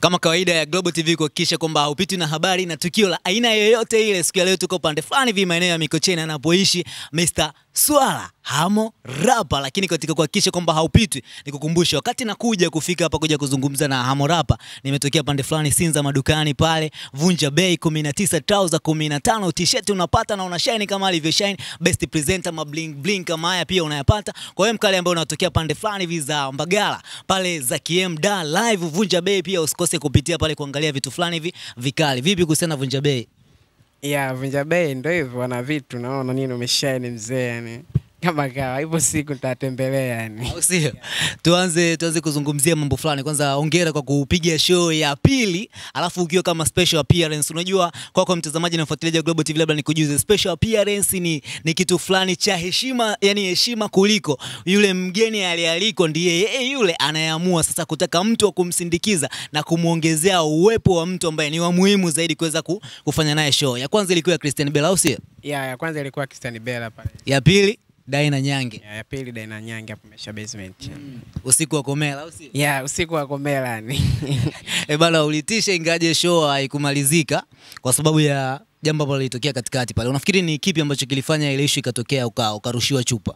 Kama kawaida ya Global TV kuhakikisha kwamba haupitwi na habari na tukio la aina yoyote ile, siku ya leo tuko pande fulani vi maeneo ya Mikocheni anapoishi Mr Swala hamo rapa, lakini katika kuhakikisha kwamba haupitwi, nikukumbushe wakati nakuja kufika hapa kuja kuzungumza na hamo rapa, nimetokea pande fulani Sinza madukani pale, vunja bei 19 trouser 15 t-shirt unapata na una shine kama alivyo shine best presenter, ma bling bling kama haya pia unayapata. Kwa hiyo mkali ambaye unatokea pande fulani viza Mbagala pale za KM da live vunja bei, pia usikose kupitia pale kuangalia vitu fulani hivi vikali. Vipi kuhusiana vunja bei? ya vunja bei ndo hivyo, wana vitu naona nini, umeshaeni mzee yani kama kawa, ipo siku tutatembelea yani. Sio. Tuanze tuanze kuzungumzia mambo fulani. Kwanza hongera kwa kupiga show ya pili, alafu ukiwa kama special appearance. Unajua kwa kwa mtazamaji na mfuatiliaji wa Global TV, labda nikujuze special appearance ni, ni kitu fulani cha heshima, yani heshima kuliko yule mgeni alialiko ndiye yeye yule anayeamua sasa kutaka mtu wa kumsindikiza na kumuongezea uwepo wa mtu ambaye ni wa muhimu zaidi kuweza kufanya naye show. Ya kwanza ilikuwa Christian Bella au sio? Ya, ya kwanza ilikuwa Christian Bella pale. Ya pili Daina Nyange. Ya, ya pili Daina Nyange hapo Mesha Basement. Mm. Usiku wa Komela usiku. Yeah, usiku wa Komela ni. e eh, bana ulitisha ingaje show haikumalizika kwa sababu ya jambo ambalo lilitokea katikati pale. Unafikiri ni kipi ambacho kilifanya ile issue ikatokea uka, ukarushiwa chupa?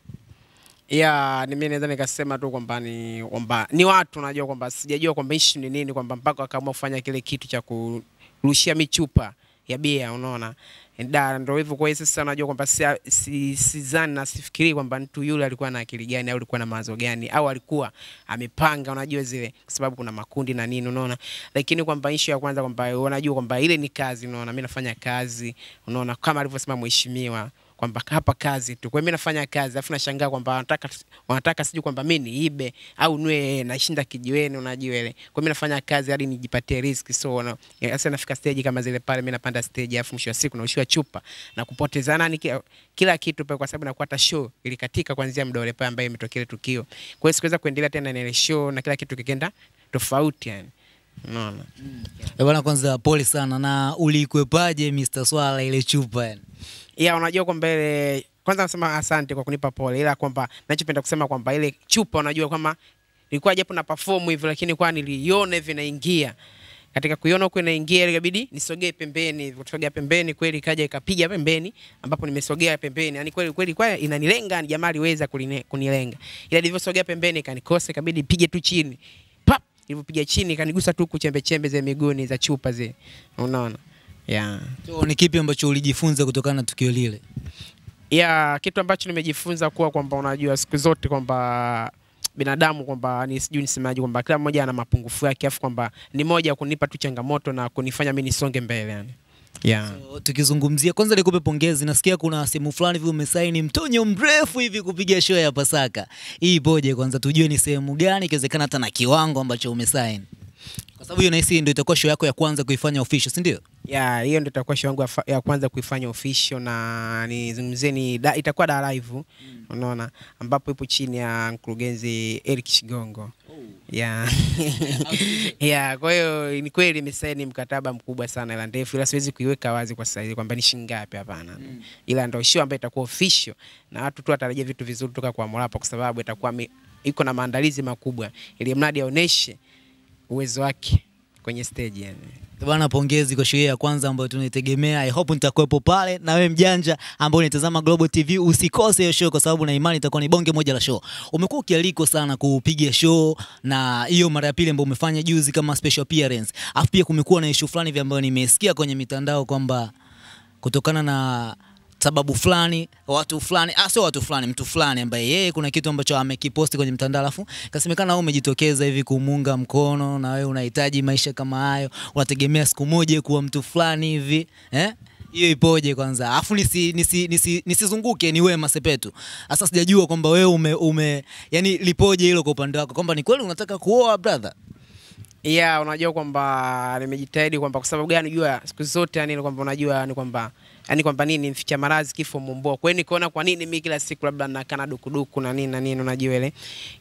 Yeah, ni mimi naweza nikasema tu kwamba ni kwamba ni watu najua kwamba sijajua kwamba issue ni nini kwamba mpaka akaamua kufanya kile kitu cha kurushia michupa ya bia, unaona da ndio hivyo. Kwa hiyo sasa najua kwamba si, sizani na sifikiri kwamba mtu yule alikuwa na akili gani au alikuwa na mawazo gani au alikuwa amepanga, unajua zile, kwa sababu kuna makundi na nini, unaona. Lakini kwamba issue ya kwanza kwamba unajua kwamba ile ni kazi, unaona, mimi nafanya kazi, unaona, kama alivyosema mheshimiwa kwamba hapa kazi tu. Kwa mimi nafanya kazi, alafu nashangaa kwamba wanataka wanataka siju kwamba mimi niibe au niwe nashinda kijiweni unajua ile. Kwa mimi nafanya kazi hadi nijipatie riski. So na, sasa eh, nafika stage kama zile pale, mimi napanda stage alafu mwisho wa siku naushiwa chupa na kupoteza nani kila, kila kitu pale, kwa sababu nakuwa hata show ilikatika kuanzia muda ule pale ambaye imetokea tukio. Kwa hiyo sikuweza kuendelea tena na ile show na kila kitu kikenda tofauti yani. Unaona? Mm. E bwana, kwanza pole sana. Na ulikwepaje Mr. Swala ile chupa yani? Ya unajua kwamba ile kwanza nasema asante kwa kunipa pole, ila kwamba ninachopenda kusema kwamba ile chupa unajua kama nilikuwa japo na perform hivi, lakini kwa niliona hivi naingia katika kuiona huko inaingia, ilibidi nisogee pembeni. kutoka pembeni kweli, kaja ikapiga pembeni, ambapo nimesogea pembeni, yani kweli kweli kwa inanilenga, ni jamaa aliweza kunilenga, ila nilivyosogea pembeni kanikose, ikabidi pige tu chini, nilipopiga chini kanigusa tu kuchembe chembe za miguuni za chupa zile, unaona yeah. So, ni kipi ambacho ulijifunza kutokana na tukio lile? Yeah, kitu ambacho nimejifunza kuwa kwamba unajua siku zote kwamba binadamu kwamba ni sijui nisemaje, kwamba kila mmoja ana mapungufu yake, afu kwamba ni moja kunipa tu changamoto na kunifanya mimi nisonge mbele yani. Yeah. So, tukizungumzia kwanza, nikupe pongezi. Nasikia kuna sehemu fulani hivi umesaini mtonyo mrefu hivi kupiga show ya Pasaka. Hii poje Kwanza tujue ni sehemu gani, ikiwezekana hata na kiwango ambacho umesaini. Kwa sababu hiyo nahisi ndio itakuwa show yako ya kwanza kuifanya official, si ndio? Yeah, hiyo ndio itakuwa show yangu ya kwanza kuifanya official na nizungumzie ni da, itakuwa da live mm. Unaona, ambapo ipo chini ya mkurugenzi Eric Shigongo. Oh. Yeah. yeah, kwa hiyo ni kweli imesaini mkataba mkubwa sana ila ndefu, ila siwezi kuiweka wazi kwa sasa hivi kwamba ni shilingi ngapi, hapana. Mm. Ila ndio show ambayo itakuwa official na watu tu watarajia vitu vizuri kutoka kwa Harmorapa kwa sababu itakuwa iko na maandalizi makubwa ili mradi aoneshe uwezo wake kwenye stage yani. Bwana, pongezi kwa sherehe ya kwanza ambayo tunaitegemea. I hope nitakuwepo pale, na wewe mjanja ambao unatazama Global TV usikose hiyo show, kwa sababu na imani itakuwa ni bonge moja la show. Umekuwa ukialikwa sana kupiga show, na hiyo mara ya pili ambayo umefanya juzi kama special appearance, afu pia kumekuwa na issue fulani ambayo nimesikia kwenye mitandao kwamba kutokana na sababu fulani, watu fulani, ah, sio watu fulani, mtu fulani ambaye yeye kuna kitu ambacho amekiposti kwenye mtandao, alafu kasemekana wewe umejitokeza hivi kumunga mkono, na wewe unahitaji maisha kama hayo, unategemea siku moja kuwa mtu fulani hivi eh? hiyo ipoje kwanza? Alafu nisizunguke nisi, nisi, nisi ni wema Sepetu. Sasa sijajua kwamba wewe ume, ume yani lipoje hilo kwa upande wako kwamba ni kweli unataka kuoa brother? Yeah, unajua kwamba nimejitahidi kwamba kwa sababu gani, unajua siku zote yani kwamba unajua ni kwamba yani kwamba nini nimfikia maradhi kifo mumboa. Kwa hiyo nikaona kwa nini mimi kila siku labda nakana dukuduku na nini na nini unajua ile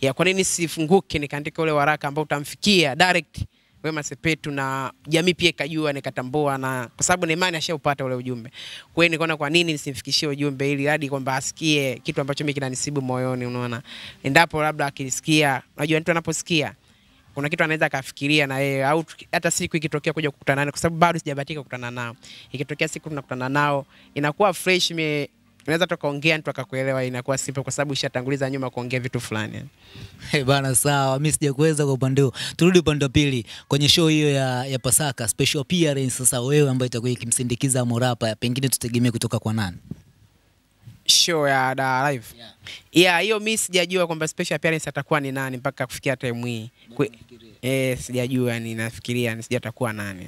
Ya kwa nini sifunguke nikaandika ule waraka ambao utamfikia direct Wema Sepetu na jamii pia ikajua nikatambua, na kwa sababu imani ashaupata ule ujumbe. Kwa hiyo nikaona kwa nini nisimfikishie ujumbe ili hadi kwamba asikie kitu ambacho mimi kinanisibu moyoni, unaona, endapo labda akisikia, unajua mtu anaposikia kuna kitu anaweza akafikiria na yeye, au hata siku ikitokea kuja kukutana naye, kwa sababu bado sijabahatika kukutana nao. Ikitokea siku tunakutana nao, inakuwa fresh me unaweza tukaongea mtu akakuelewa, inakuwa simple kwa sababu ishatanguliza nyuma kuongea vitu fulani. Hey bana, sawa, mimi sijakuweza kwa upande huo. Turudi upande wa pili kwenye show hiyo ya, ya Pasaka special appearance. Sasa wewe ambaye itakuwa ikimsindikiza Morapa, pengine tutegemee kutoka kwa nani? show ya da live. Yeah. Yeah, hiyo mimi sijajua kwamba special appearance atakuwa ni nani mpaka kufikia time hii. Eh, sijajua ni nafikiria ni sijatakuwa nani.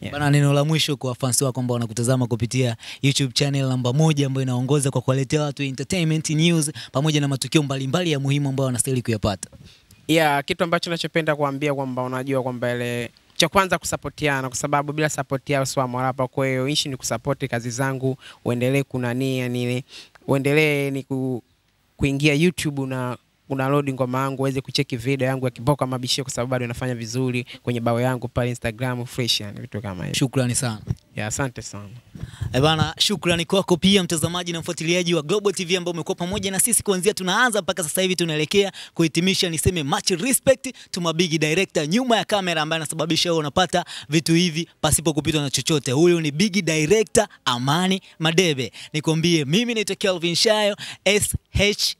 Yeah. Bana, neno la mwisho kwa fans wako ambao wanakutazama kupitia YouTube channel namba moja ambayo inaongoza kwa kuwaletea watu entertainment news pamoja na matukio mbalimbali ya muhimu ambayo wanastahili kuyapata. Yeah, kitu ambacho nachopenda kuambia kwamba unajua kwamba ile cha kwanza kusapotiana, kwa sababu bila sapoti yao siwamo hapa. Kwa hiyo ishi ni kusapoti kazi zangu, uendelee kunania nile, uendelee ni ku, kuingia YouTube na una load ngoma yangu uweze kucheki video yangu ya Kiboko Mabishio kwa sababu bado inafanya vizuri kwenye bao yangu pale Instagram fresh, yani vitu kama hivyo. Shukrani sana. Ya, asante sana ebana eh, bana, shukrani kwako pia mtazamaji na mfuatiliaji wa Global TV ambao umekuwa pamoja na sisi kuanzia tunaanza mpaka sasa hivi tunaelekea kuhitimisha. Niseme much respect to mabigi director nyuma ya kamera ambaye anasababisha wewe unapata vitu hivi pasipo kupitwa na chochote. Huyu ni bigi director Amani Madebe. Nikwambie mimi naitwa Kelvin Shayo S HAYOTZ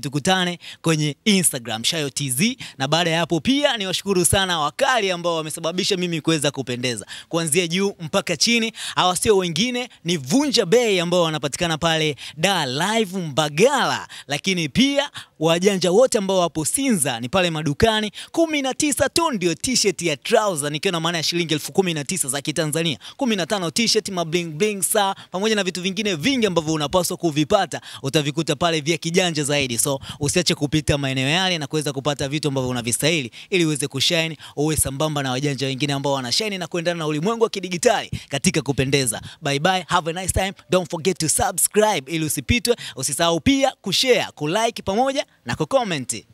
tukutane kwenye Instagram Shayo TZ. Na baada ya hapo pia niwashukuru sana wakali ambao wamesababisha mimi kuweza kupendeza kuanzia juu mpaka chini. Hawa sio wengine, ni Vunja Bei ambao wanapatikana pale Da Live Mbagala, lakini pia wajanja wote ambao wapo Sinza ni pale madukani. kumi na tisa tu ndio t-shirt ya trouser, nikiwa na maana ya shilingi elfu kumi na tisa za Kitanzania, kumi na t-shirt, mabling bling, saa pamoja na vitu vingine vingi ambavyo unapaswa kuvipata utavikuta pale vya kijanja zaidi. So usiache kupita maeneo yale na kuweza kupata vitu ambavyo unavistahili ili uweze kushine, uwe sambamba na wajanja wengine ambao wana shine na kuendana na ulimwengu wa kidigitali katika kupendeza. Bye bye, have a nice time. Don't forget to subscribe ili usipitwe. Usisahau pia kushare, kulike pamoja na kucomment.